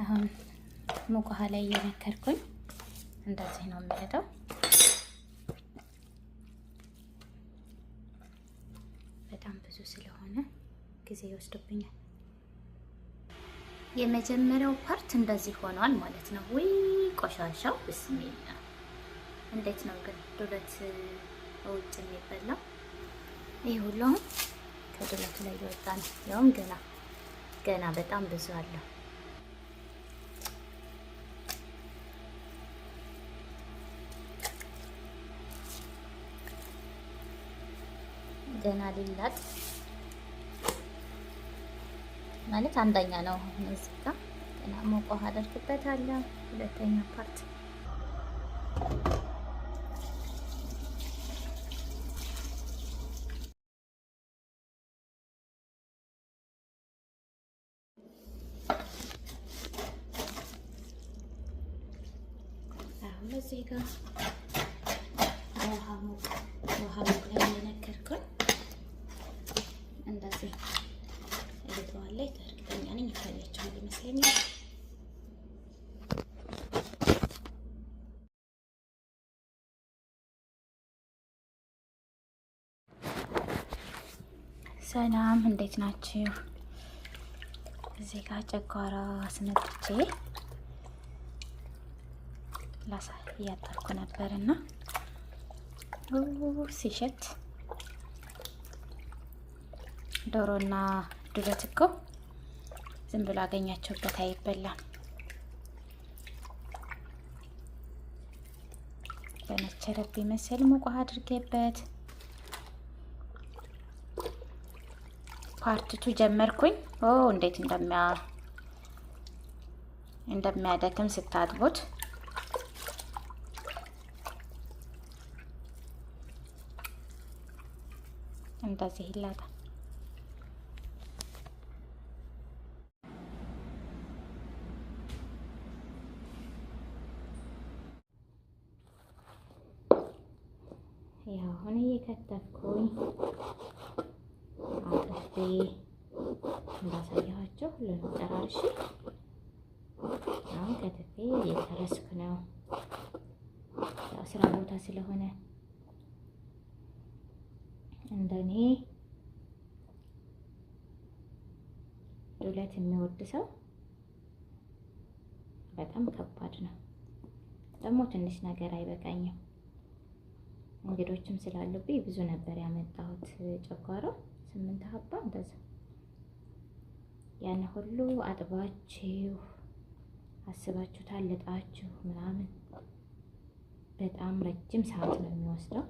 አሁን ሙቅ ውሃ ላይ እየነከርኩኝ እንደዚህ ነው የምልጠው። በጣም ብዙ ስለሆነ ጊዜ ይወስድብኛል። የመጀመሪያው ፓርት እንደዚህ ሆኗል ማለት ነው። ወይ ቆሻሻው ብስሚላ! እንዴት ነው ግን ዱለት ውጭ የሚበላው? ይህ ሁሉም ከዱለቱ ላይ ይወጣ ነው። ያውም ገና ገና በጣም ብዙ አለው። ገና ሊላት ማለት አንደኛ ነው። እዚህ ጋር ገና ሞቆ አደርግበታለሁ። ሁለተኛ ፓርት አሁን እዚህ ውሃ ውሃ ሙቅ ላይ እንደዚህ ልጠዋለሁ። እርግጠኛ ነኝ ይታያችኋል ይመስለኛል። ሰላም እንዴት ናችሁ? እዚህ ጋ ጨጓራ አስነጥቼ ላሳ እያጠርኩ እያጠብኩ ነበርና ሲሸት ዶሮና ዱለት እኮ ዝም ብሎ አገኛቸውበት አይበላም። በነቸረብ ይመስል ሙቅ ውሃ አድርጌበት ፓርቲቱ ጀመርኩኝ። ኦ እንዴት እንደሚያ እንደሚያደክም ስታጥቡት እንደዚህ ይላታል። ያው አሁን እየከተፍኩኝ አጥፌ እንዳሳየኋቸው ሁሉንም ጠራርሽ አሁን ከትፌ እየጨረስኩ ነው። ያው ስራ ቦታ ስለሆነ እንደኔ ዱለት የሚወድ ሰው በጣም ከባድ ነው። ደግሞ ትንሽ ነገር አይበቃኝም። እንግዶችም ስላሉብኝ ብዙ ነበር ያመጣሁት። ጨጓሮ ስምንት ሀባ እንደዛ ያን ሁሉ አጥባችሁ አስባችሁ ልጣችሁ ምናምን በጣም ረጅም ሰዓት ነው የሚወስደው።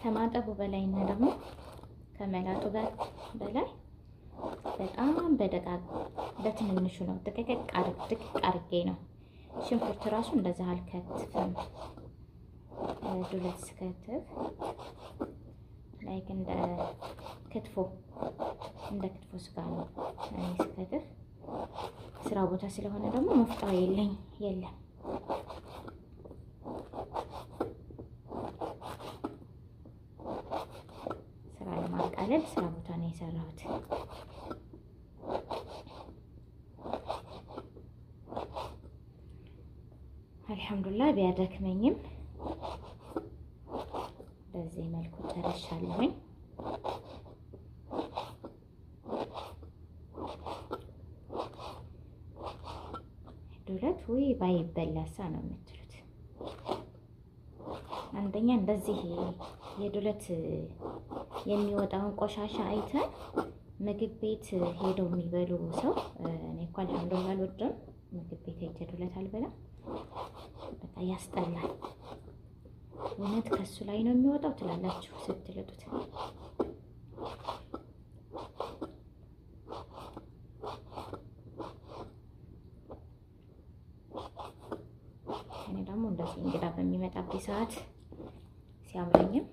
ከማጠቡ በላይ እና ደግሞ ከመላጡ በላይ በጣም በደቃቅ በትንንሹ ነው ጥቅቅ አድርጌ ነው። ሽንኩርት ራሱ እንደዛ አልከትፍም። ዱለት ስከትፍ ላይክ እንደ ክትፎ እንደ ክትፎ ስጋ ነው እኔ ስከትፍ። ስራ ቦታ ስለሆነ ደግሞ መፍጫ የለኝ የለም ስራ ለማቃለል ስራ ቦታ ነው የሰራሁት። አልሐምዱላ ቢያደክመኝም በዚህ መልኩ ጨርሻለሁኝ። ዱለት ወይ ባይበላሳ ነው የምትሉት። አንደኛ እንደዚህ የዱለት የሚወጣውን ቆሻሻ አይተን ምግብ ቤት ሄደው የሚበሉ ሰው እኔ እኮ አልሐምዱላ አልወድም። ምግብ ቤት ሄጄ ዱለት አልበላም። በቃ ያስጠላል። እውነት ከሱ ላይ ነው የሚወጣው ትላላችሁ ስትልጡት እኔ ደግሞ እንግዳ በሚመጣበት ሰዓት ሲያምረኝም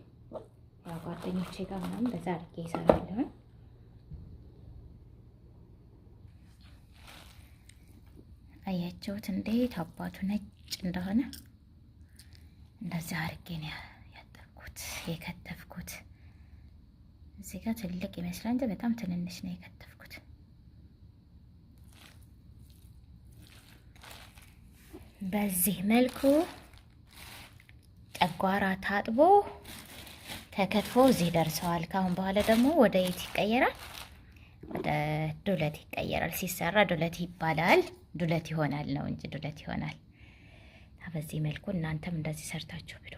ያው ጓደኞቼ ጋር ምናምን በዛ አድርጌ ይሰራለሁኝ። አያቸውት እንዴት አባቱ ነጭ ነጭ እንደሆነ እንደዚህ አርጌን ያጠብኩት የከተፍኩት። እዚህ ጋር ትልቅ ይመስላል እንጂ በጣም ትንንሽ ነው የከተፍኩት። በዚህ መልኩ ጨጓራ ታጥቦ ተከትፎ እዚህ ደርሰዋል። ካሁን በኋላ ደግሞ ወደ የት ይቀየራል? ወደ ዱለት ይቀየራል። ሲሰራ ዱለት ይባላል። ዱለት ይሆናል ነው እንጂ ዱለት ይሆናል። በዚህ መልኩ እናንተም እንደዚህ ሰርታችሁ ብሎ